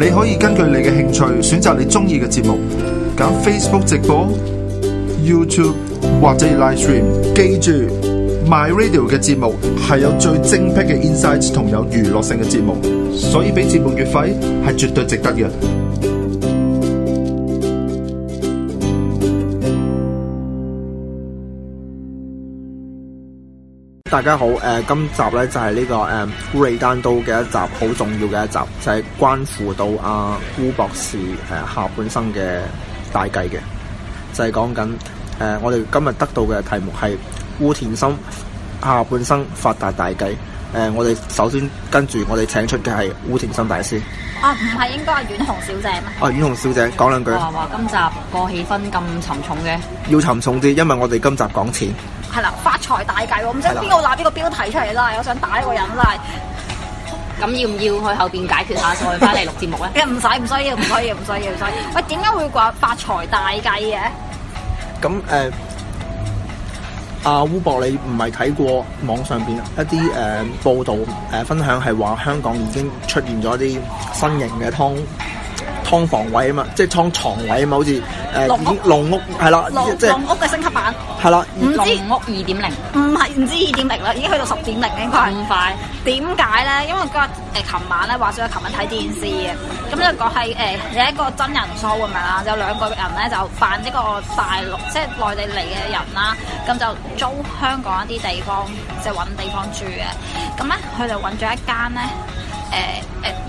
你可以根據你嘅興趣選擇你中意嘅節目，揀 Facebook 直播、YouTube 或者 Live Stream。記住，My Radio 嘅節目係有最精辟嘅 insight 同有娛樂性嘅節目，所以俾節目月費係絕對值得嘅。大家好，誒、呃，今集咧就係呢、這個誒，雷丹刀嘅一集，好重要嘅一集，就係、是、關乎到阿、啊、烏博士誒、呃、下半生嘅大計嘅，就係講緊誒，我哋今日得到嘅題目係烏田芯下半生發達大計，誒、呃，我哋首先跟住我哋請出嘅係烏田芯大師，啊，唔係應該係、啊、阮紅小姐嘛啊，阮、哦、紅小姐講兩句。哇哇，今集個氣氛咁沉重嘅。要沉重啲，因為我哋今集講錢。係啦，發財大計，我唔使邊個立呢個標題出嚟啦，我想打一個人啦。咁要唔要去後面解決下再翻嚟錄節目咧？唔 使，唔需要，唔需要，唔需要，唔需要。喂，點解會話發財大計嘅？咁誒，阿、呃啊、烏博你唔係睇過網上面一啲、呃、報道、呃、分享，係話香港已經出現咗啲新型嘅劏。倉房位啊嘛，即係倉床位啊嘛，好似誒龍屋，龍屋係啦，即係龍屋嘅升級版係啦，龍屋二點零，唔係唔知二點零啦，已經去到十點零應該係咁快。點解咧？因為嗰日誒琴晚咧話咗，我琴晚睇電視嘅，咁就講係誒有一個真人 show，會唔會啦？有兩個人咧就扮呢個大陸，即係內地嚟嘅人啦，咁就租香港一啲地方，即係揾地方住嘅。咁咧佢就揾咗一間咧。誒、呃、誒、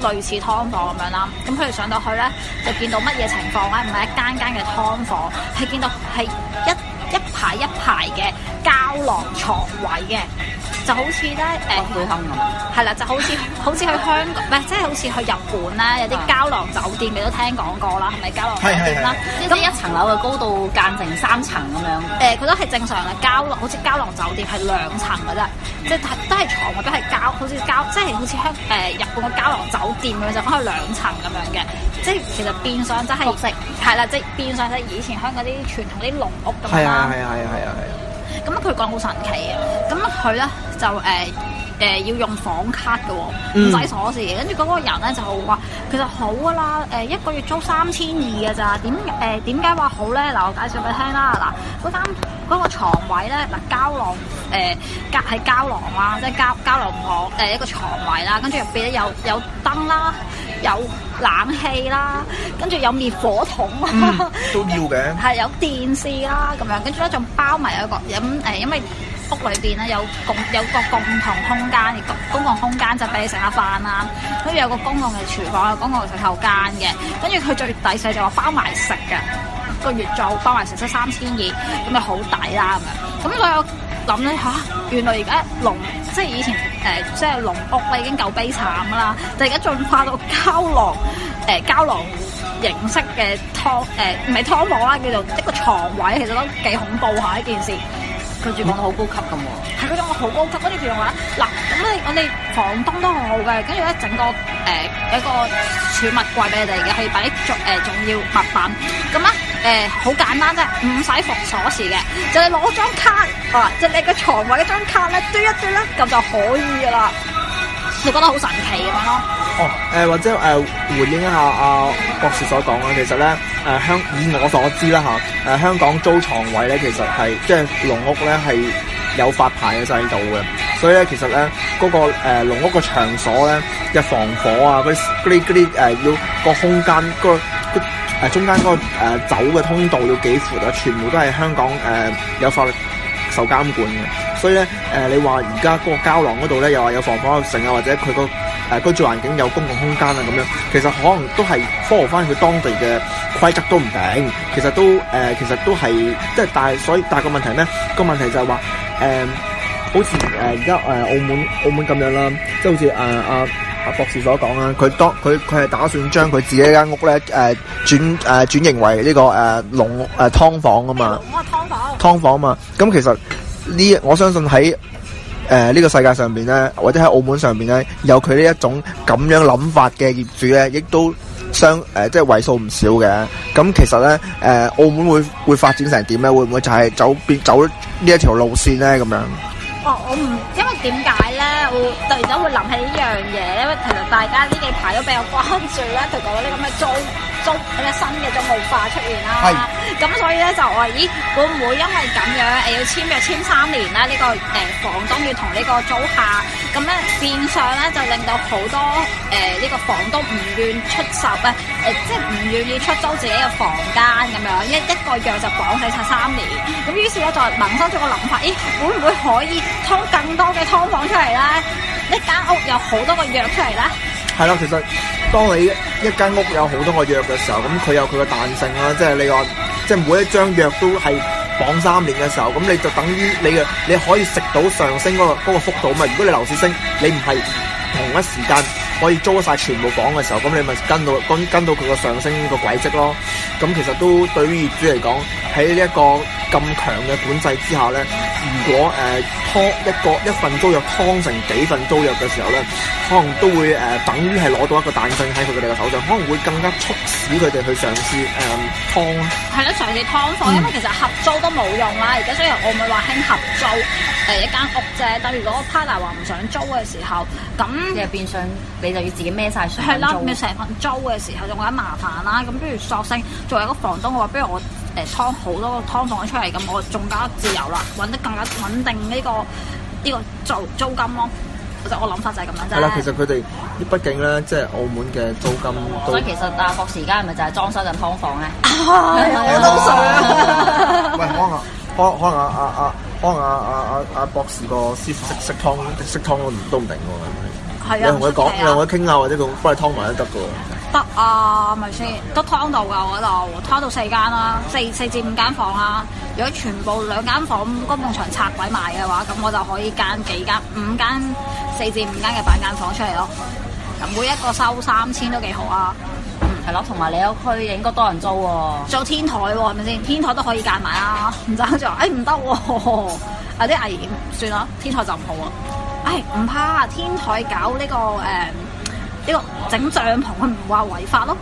呃、類似劏房咁樣啦，咁佢哋上到去咧，就見到乜嘢情況咧？唔係一間間嘅劏房，係見到係一一排一排嘅膠囊床位嘅。就好似咧誒旅行咁，係、哦、啦、呃， 就好似好似去香港，唔係即係好似去日本啦，有啲膠囊酒店你、嗯、都聽講過啦，係咪膠囊酒店啦？咁、就是、一層樓嘅高度間成三層咁樣。誒、呃，佢都係正常嘅膠，好似膠囊酒店係兩層嘅啫，即係都係床，或者係膠，好似膠，即係好似香誒日本嘅膠囊酒店咁就可去兩層咁樣嘅，即係其實變相真係係啦，即係、就是、變相即係以前香港啲傳統啲籠屋咁啦，係啊係啊係啊係啊。咁佢講好神奇嘅，咁佢咧就誒誒、呃呃、要用房卡嘅喎，唔使鎖匙嘅。跟住嗰個人咧就話其實好嘅、啊、啦，誒、呃、一個月租三千二嘅咋？點誒點解話好咧？嗱，我介紹俾你聽啦，嗱嗰間嗰、嗰個牀位咧，嗱膠囊誒隔係膠囊啊，即係膠膠囊房誒、呃、一個床位啦，跟住入邊咧有有燈啦。有冷氣啦，跟住有滅火筒、嗯，都要嘅。係有電視啦，咁樣跟住咧仲包埋有一個，咁誒，因為屋裏邊咧有共有個共同空間，公共空間就俾你食下飯啦。跟住有一個公共嘅廚房，有公共嘅洗手間嘅。跟住佢最抵細就話包埋食嘅，個月租包埋食出三千二，咁咪好抵啦咁樣。咁我有。咧、啊、原來而家籠即係以前、呃、即係籠屋咧已經夠悲慘㗎喇，就而家進化到膠囊、呃、膠囊形式嘅劏，誒、呃，唔係劏房啦，叫做一個床位，其實都幾恐怖下一件事。佢仲講好高級咁喎，係嗰種好高級，跟住佢話嗱，咁咧我哋房東都好好嘅，跟住咧整個誒一個儲物櫃俾你哋嘅，可以擺啲重誒重要物品。咁咧誒好簡單啫，唔使鎖鎖匙嘅，就係攞張卡啊，即係你個牀位嗰張卡咧，嘟一嘟咧，咁就可以啦。你覺得好神奇咁咯？哦，誒、呃、或者誒、呃、回應一下阿、啊、博士所講啦，其實咧誒香以我所知啦嚇，誒、呃、香港租床位咧其實係即係籠屋咧係有發牌嘅制度嘅，所以咧其實咧嗰、那個誒籠、呃、屋嘅場所咧嘅防火啊，嗰啲啲啲誒要空間、那個空間、那個個中間嗰個走嘅通道要幾闊啊，全部都係香港誒、呃、有法律受監管嘅，所以咧誒、呃、你話而家嗰個膠囊嗰度咧又話有防火性啊，或者佢個。誒居住環境有公共空間啊，咁樣其實可能都係 follow 返佢當地嘅規則都唔定，其實都誒、呃，其實都係即係，但係所以，但係個問題咩？個問題就係話誒，好似誒而家誒澳門澳門咁樣啦，即係好似誒誒博士所講啊，佢當佢佢係打算將佢自己間屋咧誒、呃、轉誒、呃、轉型為呢、呢個誒農誒劏房啊嘛，劏 房劏房啊嘛，咁其實呢，我相信喺。誒、呃，呢、這個世界上邊咧，或者喺澳門上邊咧，有佢呢一種咁樣諗法嘅業主咧，亦都相誒、呃，即係為數唔少嘅。咁、嗯、其實咧，誒、呃，澳門會會發展成點咧？會唔會就係走變走呢一條路線咧？咁樣？哦，我唔，因為點解咧？我突然間會諗起呢樣嘢，因為其實大家呢幾排都比較關注啦，就講呢咁嘅租。租嗰個新嘅租務法出現啦，咁所以咧就我話，咦，會唔會因為咁樣誒，要簽約簽三年啦？呢、這個誒房東要同呢個租客，咁咧變相咧就令到好多誒呢、呃這個房東唔願出售啊誒，即係唔願意出租自己嘅房間，咁樣一一個約就綁死晒三年，咁於是咧就萌生咗個諗法，咦，會唔會可以劏更多嘅劏房出嚟咧？呢間屋有好多個約出嚟咧？係啦，其實當你一間屋有好多個約嘅時候，咁佢有佢嘅彈性啦，即係你話，即係每一張約都係綁三年嘅時候，咁你就等於你嘅，你可以食到上升嗰個、嗰個幅度啊嘛。如果你樓市升，你唔係同一時間可以租晒全，全部房嘅時候，咁你咪跟到，跟跟到佢個上升個軌跡咯。咁其實都對於業主嚟講，喺呢一個咁強嘅管制之下咧，如果誒。嗯呃劏一個一份租約，劏成幾份租約嘅時候咧，可能都會誒、呃、等於係攞到一個彈性喺佢哋嘅手上，可能會更加促使佢哋去嘗試誒劏。係、嗯、啦、嗯，嘗試劏房，因為其實合租都冇用啦。而家雖然我唔會話興合租誒、欸、一間屋啫，但如果 partner 話唔想租嘅時候，咁你係變相你就要自己孭晒上嚟做。係啦，要成份租嘅時候就覺得麻煩啦。咁不如索性作為一個房東嘅話，我不如我。誒、欸，劏好多個劏房出嚟咁，我仲加自由啦，搵得更加穩定呢、這個呢、這個租租金咯。其就我諗法就係咁樣啫。嗱，其實佢哋畢竟咧，即係澳門嘅租金 所以其實阿 博士而家係咪就係裝修定劏房咧？我都想。喂，可能可、啊、可能阿、啊、可能阿、啊啊啊啊啊啊啊、博士個師傅識識劏識劏都唔定喎。係啊。同佢講，同佢傾下或者咁，幫你劏埋都得噶。得啊，咪先？得劏到噶我嗰度，劏到四間啦，四四至五間房啊。如果全部兩間房公共牆拆鬼埋嘅話，咁我就可以間幾間五間四至五間嘅板間房出嚟咯。咁每一個收三千都幾好啊。係咯，同埋你屋區應該多人租喎，啊，仲有天台喎，啊，係咪先？天台都可以間埋啊，唔爭在，哎唔得，有啲，啊 啊，危險，算啦，天台就唔好啊。哎唔怕，天台搞呢，呢個誒。嗯呢、這個整帳篷佢唔話違法咯，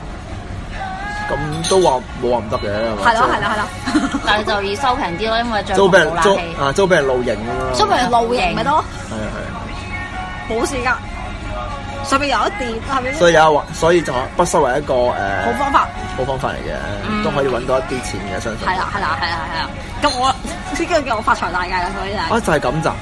咁都話冇話唔得嘅，係咯係咯係咯，以 但係就要收平啲咯，因為租俾人租啊，租俾人露營咁樣咯，租俾人露營咪得咯，係啊係啊，冇事噶，上面有一電，下面，所以有所以就不失為一個誒好、呃、方法，好方法嚟嘅，嗯，都可以搵到一啲錢嘅，相信係啊係啊係啊係咁我呢個叫我發財大計啦，以啊就係咁咋，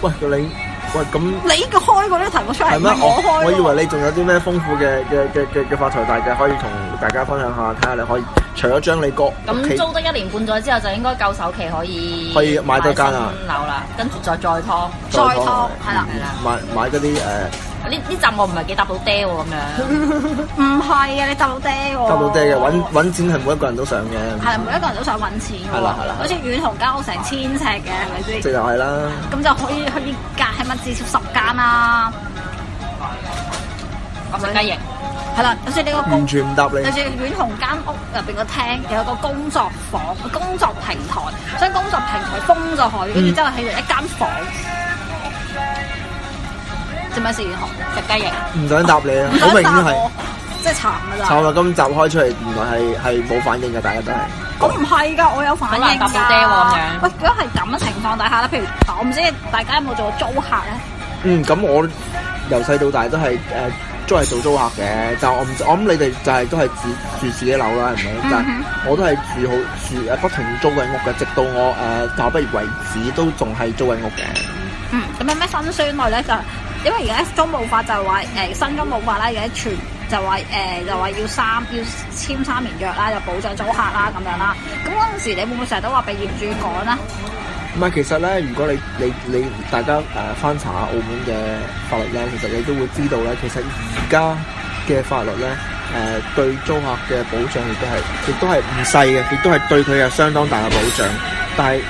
喂，玉喂，咁你依個開呢個題目出嚟係咪我開我？我以為你仲有啲咩豐富嘅嘅嘅嘅嘅發財大計可以同大家分享一下，睇下你可以除咗將你個咁租得一年半載之後，就應該夠首期可以可以買多間啦，樓啦，跟住再再拖，再拖，係啦，係、嗯、啦，買買嗰啲誒。呢呢集我唔係幾搭到爹喎咁樣。唔係啊，你搭到爹喎，搭到爹嘅。搵搵錢係每一個人都想嘅，係每一個人都想搵錢，係啦係啦，好似軟紅間屋成千尺嘅，係咪先？就係啦，咁就可以去呢間，起碼至少十間啦，咁樣經營，係啦，好似你個完全唔搭你，好似軟紅間屋入邊個廳，有個工作房、工作平台，將工作平台封咗佢，跟住之後起成一間房。做乜事？食雞翼？唔想答你啊！好明顯係，即係慘㗎咋！慘啊！今集開出嚟，原來係係冇反應嘅，大家都係。咁唔係㗎，我有反應。好難答嘅爹喎咁樣。喂，如果係咁嘅情況底下咧，譬如我唔知大家有冇做租客咧？嗯，咁我由細到大都係誒都係做租客嘅，但係我唔我諗你哋就係都係住住自己樓啦，係咪？嗯哼。我都係住好住誒不停租緊屋嘅，直到我誒老不如為止都仲係租緊屋嘅。嗯，咁有咩心酸嘅咧就？因為而家租務法就係話，誒、呃、新租務法啦，而家全就話，誒、呃、就話要三要簽三年約啦，就保障租客啦咁樣啦。咁嗰陣時，你會唔會成日都話俾業主趕咧？唔係，其實咧，如果你你你大家誒、呃、翻查下澳門嘅法律咧，其實你都會知道咧，其實而家嘅法律咧，誒、呃、對租客嘅保障亦都係，亦都係唔細嘅，亦都係對佢有相當大嘅保障，但係。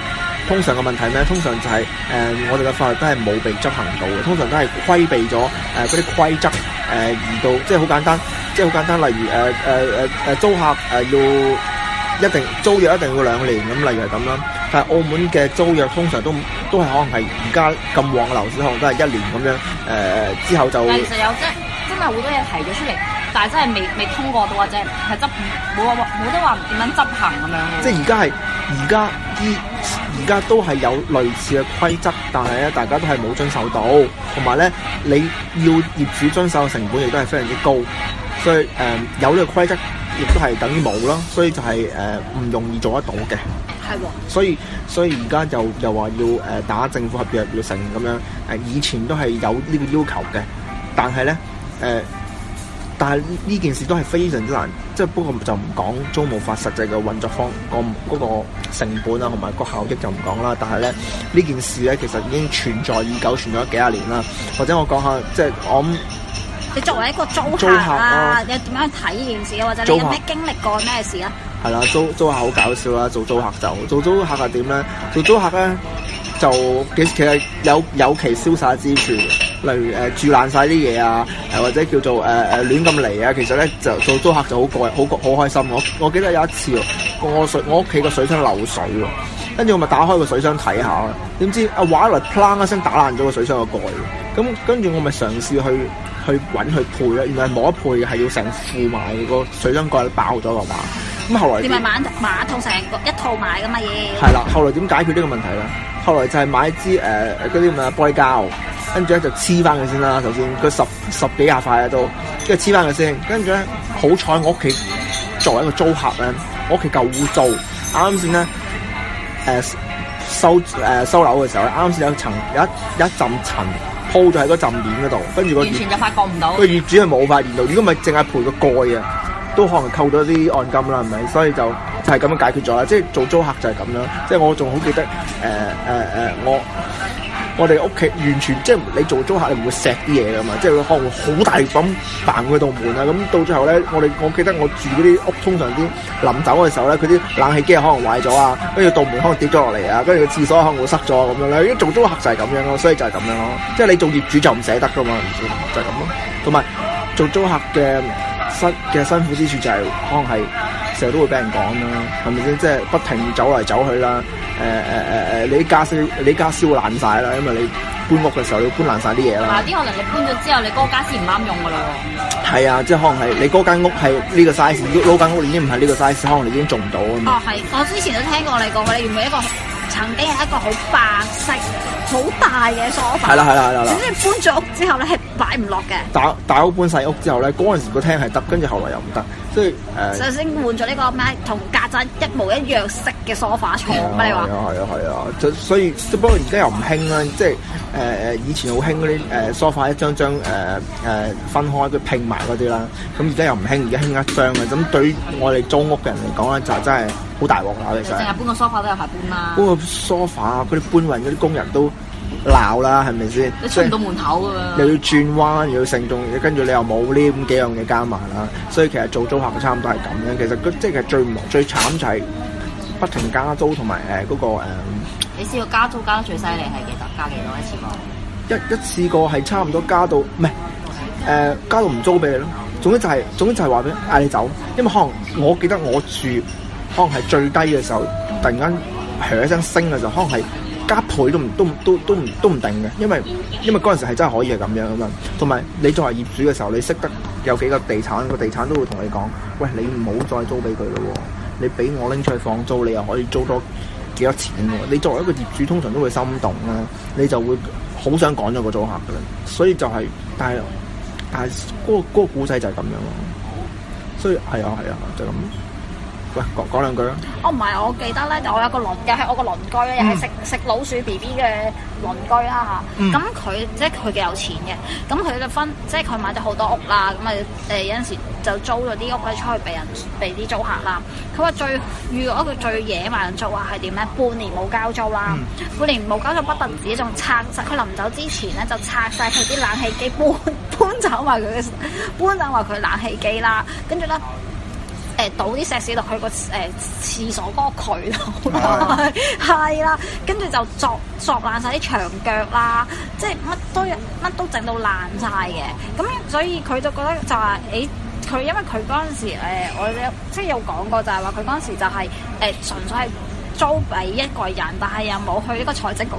通常嘅問題咧，通常就係、是、誒、呃、我哋嘅法律都係冇被執行到嘅，通常都係規避咗誒嗰啲規則誒，遇、呃、到即係好簡單，即係好簡單。例如誒誒誒誒租客誒要一定租約一定要兩年咁，例如係咁啦。但係澳門嘅租約通常都都係可能係而家咁旺嘅樓市，可能都係一年咁樣誒、呃，之後就其實有真真係好多嘢提咗出嚟，但係真係未未通過到或者係係冇冇冇得話點樣執行咁樣。即係而家係而家啲。而家都係有類似嘅規則，但係咧大家都係冇遵守到，同埋咧你要業主遵守嘅成本亦都係非常之高，所以誒、呃、有呢個規則亦都係等於冇咯，所以就係誒唔容易做得到嘅。係、哦、所以所以而家就又話要誒打政府合約成咁樣誒，以前都係有呢個要求嘅，但係咧誒。呃但係呢件事都係非常之難，即係不過就唔講租務法實際嘅運作方，個、那、嗰個成本啦，同埋個效益就唔講啦。但係咧呢件事咧，其實已經存在已久，存在咗幾廿年啦。或者我講下，即、就、係、是、我你作為一個租客，租客啊，你點樣睇呢件事啊？或者你有咩經歷過咩事啊？係啦，租客租、租客好搞笑啦，做租客就做租客係點咧？做租客咧就其其實有有其瀟灑之處。例如誒、呃、住爛晒啲嘢啊、呃，或者叫做誒誒、呃、亂咁嚟啊，其實咧就做租客就好過，好好開心。我我記得有一次我水我屋企個水箱漏水喎，跟住我咪打開個水箱睇下，點知阿華砰一聲打爛咗個水箱個蓋。咁跟住我咪嘗試去去揾去配啊。原來冇得配嘅，係要成副買，個水箱蓋爆咗啊嘛，咁後來你咪買買一套成一套買嘅嘛嘢。係啦，後來點解決呢個問題咧？後來就係買支誒嗰啲咁嘅玻璃膠。跟住咧就黐翻佢先啦，首先佢十十幾廿塊呀都，跟住黐翻佢先。跟住咧好彩，我屋企作為一個租客咧，我屋企夠污糟。啱啱先咧收、呃、收樓嘅時候咧，啱先有層有一層一陣塵鋪咗喺嗰陣面嗰、那個、度，跟住個完全就發覺唔到，佢業主係冇發現到。如果唔係，淨係賠個蓋啊，都可能扣咗啲按金啦，係咪？所以就就係咁樣解決咗。即係做租客就係咁樣。即係我仲好記得誒、呃呃、我。我哋屋企完全即係你做租客，你唔會錫啲嘢噶嘛，即係佢可能會好大力咁行佢道門啊。咁到最後咧，我哋我記得我住嗰啲屋，通常啲臨走嘅時候咧，佢啲冷氣機可能壞咗啊，跟住道門可能跌咗落嚟啊，跟住個廁所可能會塞咗咁樣咧。一做租客就係咁樣咯，所以就係咁樣咯。即係你做業主就唔捨得噶嘛，就係咁咯。同埋做租客嘅辛嘅辛苦之處就係、是、可能係。成日都會俾人講啦，係咪先？即係不停走嚟走去啦，誒誒誒誒，你家私你傢俬爛晒啦，因為你搬屋嘅時候要搬爛晒啲嘢啦。嗱，啲可能你搬咗之後，你嗰個傢俬唔啱用噶啦喎。係啊，即係可能係你嗰間屋係呢個 size，你嗰間屋已經唔係呢個 size，可能你已經做唔到係咪？哦，係，我之前都聽過你講，你原本一個。曾經係一個好白色、好大嘅梳化，係啦係啦係啦。點知搬咗屋之後咧，係擺唔落嘅。大大屋搬細屋之後咧，嗰陣時個廳係得，跟住後嚟又唔得。所以誒，首先換咗呢個咩同曱甴一模一樣色嘅梳化床，你話係啊係啊係啊。就所以不過而家又唔興啦，即係誒誒以前好興嗰啲誒梳化一張張誒誒分開佢拼埋嗰啲啦。咁而家又唔興，而家興一張嘅。咁對我哋租屋嘅人嚟講咧，就真係～好大鑊鬧嚟曬，又成日搬個 sofa 都有排搬啦。搬個 sofa，嗰啲搬運嗰啲工人都鬧啦，係咪先？你出唔到門口㗎嘛？又要轉彎，又要承重，跟住你又冇呢咁幾樣嘅加埋啦。所以其實做租客嘅差唔多係咁樣。其實佢即係最忙、最慘就係不停加租同埋誒嗰個誒。你試過加租加得最犀利係幾多？加幾多一次過？一一次過係差唔多加到唔係誒加到唔租俾你咯。總之就係總之就係話俾嗌你走，因為可能我記得我住。可能係最低嘅時候，突然間響一聲升嘅時候，可能係加倍都唔都都都唔都唔定嘅，因為因為嗰陣時係真係可以係咁樣嘅嘛。同埋你作為業主嘅時候，你識得有幾個地產，個地產都會同你講，喂，你唔好再租俾佢啦喎！你俾我拎出去放租，你又可以租多幾多錢喎！你作為一個業主，通常都會心動啦，你就會好想趕咗個租客噶啦。所以就係、是，但係但係嗰、那個嗰個故事就係咁樣咯。所以係啊係啊，就咁、是。喂，講講兩句啦。哦，唔係，我記得咧，我有個鄰，又係我個鄰居，又、嗯、係食食老鼠 B B 嘅鄰居啦吓。咁、嗯、佢、嗯、即係佢幾有錢嘅，咁佢就分，即係佢買咗好多屋啦。咁啊，誒、呃、有陣時候就租咗啲屋咧出去俾人俾啲租客啦。佢話最遇到一個最野蠻人租啊係點咧？半年冇交租啦、嗯，半年冇交租，不得止，仲拆晒，佢臨走之前咧就拆晒佢啲冷氣機，搬搬走埋佢，搬走埋佢冷氣機啦。跟住咧。倒啲石屎落去個誒廁所嗰個渠度、 啊，係啦、啊，跟住就鑿鑿爛晒啲牆腳啦，即係乜都乜都整到爛晒嘅。咁所以佢就覺得就係佢、欸、因為佢嗰陣時、欸、我即係有講過就係話佢嗰陣時就係、是、誒、欸、純粹係租俾一個人，但係又冇去呢個財政局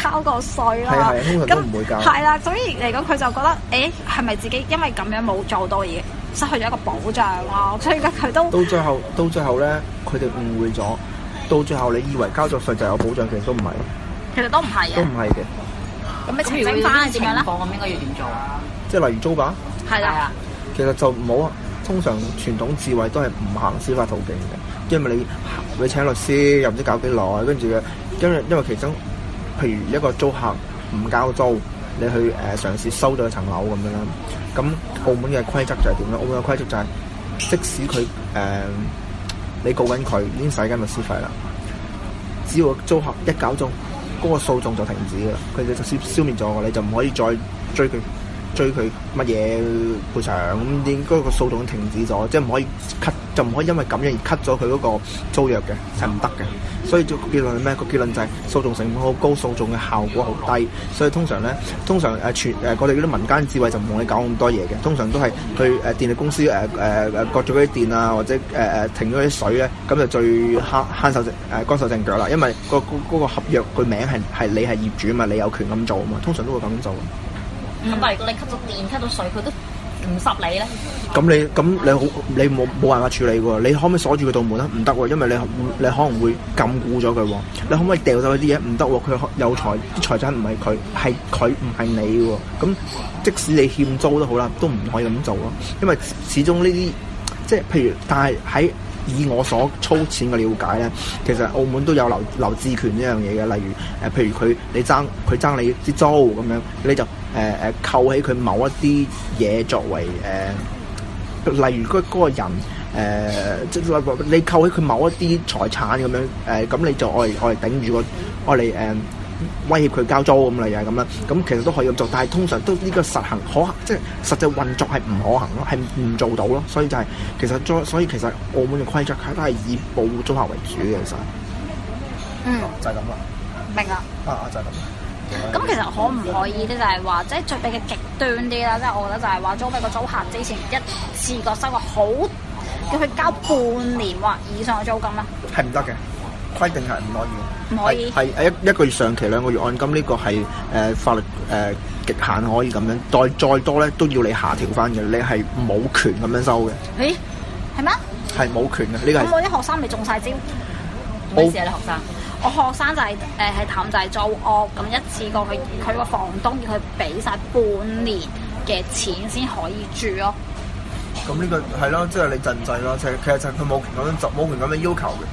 交過稅啦。咁通常都唔會交。係啦、啊，所以嚟講佢就覺得誒，係、欸、咪自己因為咁樣冇做多嘢？失去咗一個保障咯、啊，所以而家佢都到最後，到最後咧，佢哋誤會咗。到最後，你以為交咗稅就有保障，其實都唔係。其實都唔係啊。都唔係嘅。咁你咩情況樣？情況咁應該要點做啊？即係例如租吧？係啦。其實就唔好啊。通常傳統智慧都係唔行司法途徑嘅，因為你你請律師又唔知搞幾耐，跟住跟因為其中譬如一個租客唔交租，你去誒、呃、嘗試收咗一層樓咁樣啦，咁。澳門嘅規，規則就係點咧？澳門嘅規則就係，即使佢誒、呃、你告緊佢，已經使緊律師費啦。只要租客一搞中，嗰、嗰個訴訟就停止噶啦，佢就消消滅咗，我，你就唔可以再追佢。追佢乜嘢賠償咁，應、那、該個訴訟停止咗，即係唔可以 cut，就唔可以因為咁樣而 cut 咗佢嗰個租約嘅，係唔得嘅。所以結論係咩？個結論，是結論就係、是、訴訟成本好高，訴訟嘅效果好低。所以通常咧，通常誒全誒我哋嗰啲民間智慧就唔同你搞咁多嘢嘅，通常都係去誒電力公司誒誒誒割咗嗰啲電啊，或者誒誒、啊、停咗啲水咧，咁就最慳慳手淨誒乾手淨腳啦。因為、那個個、那個合約個名係係你係業主啊嘛，你有權咁做啊嘛，通常都會咁做。咁但係，如果你吸咗電、吸咗水，佢都唔濕你咧。咁你咁你好，你冇冇辦法處理喎？你可唔可以鎖住佢道門啊？唔得喎，因為你你可能會禁錮咗佢喎。你可唔可以掉走佢啲嘢？唔得喎，佢有財啲財產唔係佢係佢，唔係你喎。咁即使你欠租都好啦，都唔可以咁做咯。因為始終呢啲即係譬如，但係喺以我所粗淺嘅了解咧，其實澳門都有留留置權呢樣嘢嘅，例如誒，譬如佢你爭佢爭你啲租咁樣，你就。誒、呃、誒，扣起佢某一啲嘢作為誒、呃，例如嗰個人誒，即、呃、係你扣起佢某一啲財產咁樣誒，咁、呃、你就愛嚟愛嚟頂住、那個愛嚟誒威脅佢交租咁啦，又係咁啦，咁其實都可以咁做，但係通常都呢個實行可行，即、就、係、是、實際運作係唔可行咯，係唔做到咯，所以就係、是、其實再所以其實澳門嘅規則係都係以保護租客為主嘅，其實嗯，就係咁啦，明啦，啊就係、是、咁。咁其實可唔可以咧？就係話即係最備嘅極端啲啦，即係我覺得就係話租畀個租客之前一次過收個好，叫佢交半年或以上嘅租金啦，係唔得嘅，規定係唔可，可以，唔可以係誒一一個月上期兩個月按金呢個係誒、呃、法律誒呃、極限可以咁樣，再再多咧都要你下調翻嘅，你係冇權咁樣收嘅，誒係咩？係冇權嘅，呢、這個我啲學生未中晒招，唔好意思啊，你學生。我學生就係誒係氹仔租屋，咁一次過去，佢個房東要佢俾晒半年嘅錢先可以住咯。咁呢個係咯，即係你制唔制咯？即係其實佢冇權咁樣冇權咁樣要求嘅。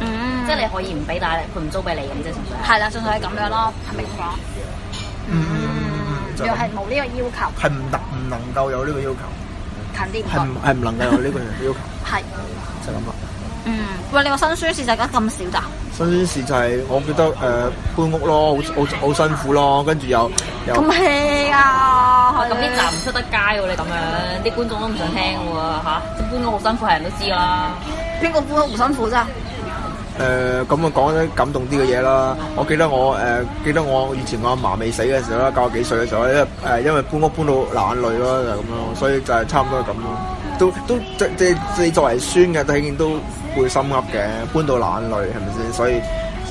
嗯，即、嗯、係、嗯嗯就是、你可以唔俾，但係佢唔租俾你咁啫，算唔算？係啦，純粹係咁樣咯，明咪？明啊？嗯，又係冇呢個要求，係唔得唔能夠有呢個要求。近啲，係唔唔能夠有呢個人嘅要求？係 就咁、是、啦。嗯，喂，你話新鮮事就而家咁少咋？新鮮事就係我覺得誒搬屋咯，好好好辛苦咯，跟住又，咁氣啊，咁啲就唔出得街喎，你咁樣啲觀眾都唔想聽喎吓，搬屋好辛苦係人都知啦，邊個搬屋唔辛苦咋？誒，咁啊講啲感動啲嘅嘢啦，我記得我誒記得我以前我阿嫲未死嘅時候啦，九十幾歲嘅時候咧，誒因為搬屋搬到眼淚啦就咁樣，所以就係差唔多係咁咯。都都即即你作為孫嘅都已經都，都，都，都，都，都，都會心噏嘅，搬到冷裏係咪先？所以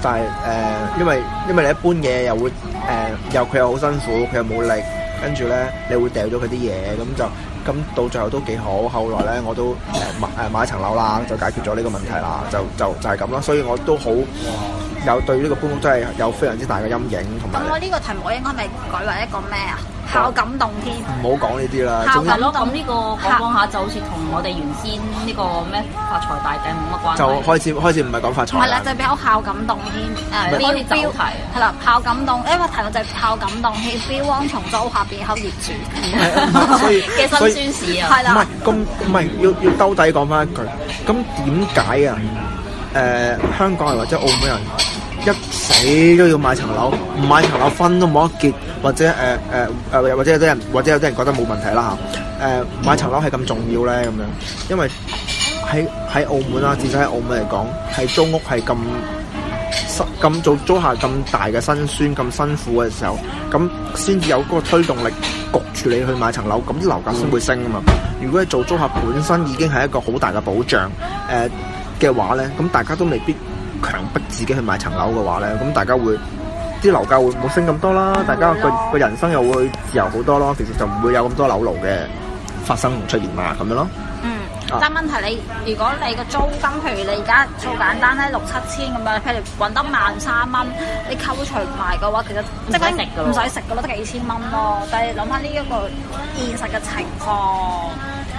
但係誒、呃，因為因為你一搬嘢，又會誒，呃、又佢又好辛苦，佢又冇力，跟住咧你會掉咗佢啲嘢，咁就咁到最後都幾好。後來咧我都、呃、買誒買一層樓啦，就解決咗呢個問題啦，就就就係咁咯。所以我都好。有對呢個搬屋真係有非常之大嘅陰影，同埋咁我呢個題目我應該咪改為一個咩啊？孝感動天，唔好講呢啲啦。孝感動呢個講下就好似同我哋原先呢個咩發財大計冇乜關，就開始開始唔係講發財。唔係啦，就比較孝感動天，誒，標題係啦，孝感動，呢個題目就係孝感動，希望從租下邊口入住嘅辛酸史啊。係啦，咁唔係要要兜底講翻一句，咁點解啊？誒，香港人或者澳門人，一死都要買層樓，唔買層樓婚都冇得結，或者誒誒誒，或者有啲人，或者有啲人覺得冇問題啦嚇。誒、呃、買層樓係咁重要咧，咁樣，因為喺喺澳門啦，至少喺澳門嚟講，係、嗯、租屋係咁咁做租客咁大嘅辛酸，咁辛苦嘅時候，咁先至有嗰個推動力焗住你去買層樓，咁啲樓價先會升啊、嗯、嘛。如果你做租客本身已經係一個好大嘅保障誒嘅、呃、話咧，咁大家都未必。強迫自己去買層樓嘅話咧，咁大家會啲樓價會冇升咁多啦，大家個個人生又會自由好多咯。其實就唔會有咁多樓奴嘅發生同出現啊，咁樣咯。嗯，但問題係你如果你個租金，譬如你而家做簡單咧，六七千咁樣，譬如搵得萬三蚊，你扣除埋嘅話，其實即係唔使食嘅咯，得幾千蚊咯。但係諗翻呢一個現實嘅情況，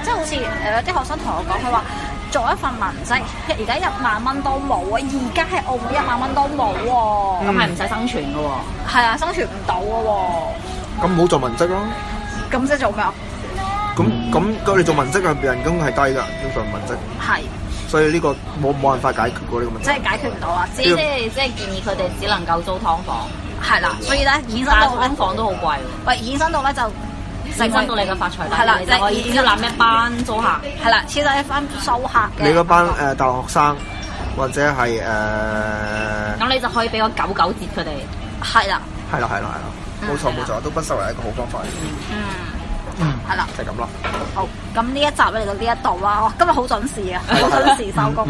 即係好似誒有啲學生同我講，佢話。做一份文職，而家一萬蚊都冇，而家喺澳門一萬蚊都冇喎。咁係唔使生存嘅喎，係、嗯嗯、啊，生存唔到嘅喎。咁唔好做文職咯？咁即係做咩啊？咁咁咁，你做文職啊？職人工係低㗎，要做文職。係、這個這個嗯啊。所以呢個冇冇辦法解決嗰呢咁嘅問題。即係解決唔到啊！即係即係建議佢哋只能夠租劏房。係啦，所以咧衍生到劏房都好貴喎。喂，衍生到咧就。吸引到你嘅發財客，即係要攬咩班租客？係啦，先得一班收客。你嗰班誒大學生或者係誒，咁你就可以俾個九九折佢哋。係啦，係啦、呃呃、啦，係啦，係啦，冇、嗯、錯，冇錯，錯，都不失為一個好方法的好很、啊 嗯。嗯，嗯，係啦，就係咁啦。好，咁呢一集嚟到呢一度啦，哦，今日好準時啊，好準時收工。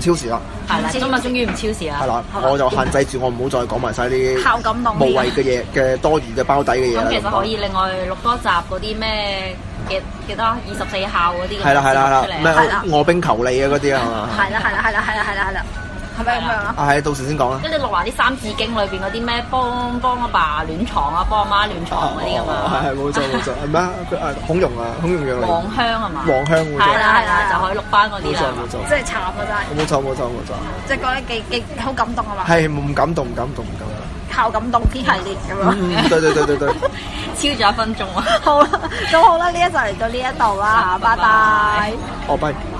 超時啦！係啦！今日終於唔超時啦！係啦，我就限制住我唔好再講埋曬啲無謂嘅嘢嘅多餘嘅包底嘅嘢，咁其實可以另外錄多集嗰啲咩幾幾多二十四孝嗰啲，係啦，係啦，係啦，咩卧冰求鯉啊嗰啲係嘛？係啦，係啦，係啦，係啦，係啦，係啦。係咪咁樣啊？係啊，到時先講啦。跟住錄埋啲《三字經》裏邊嗰啲咩，幫幫阿爸暖床啊，幫阿媽暖床嗰啲啊嘛。係係冇錯冇錯，係咩？孔、啊、融啊，孔融讓梨。黃香，是香是啊嘛？黃香冇錯。係啦係啦，就可以錄翻嗰啲啊。冇錯冇錯。即係慘嗰齣。冇錯冇錯冇錯。即、就、係、是、覺得幾幾好感動啊嘛。係，唔感動，是不感動唔夠。靠感動啲系列咁咯。嗯，對對對對對。超咗一分鐘啊！好 啦，咁好啦，呢一集嚟到呢一度啦，拜拜。好拜。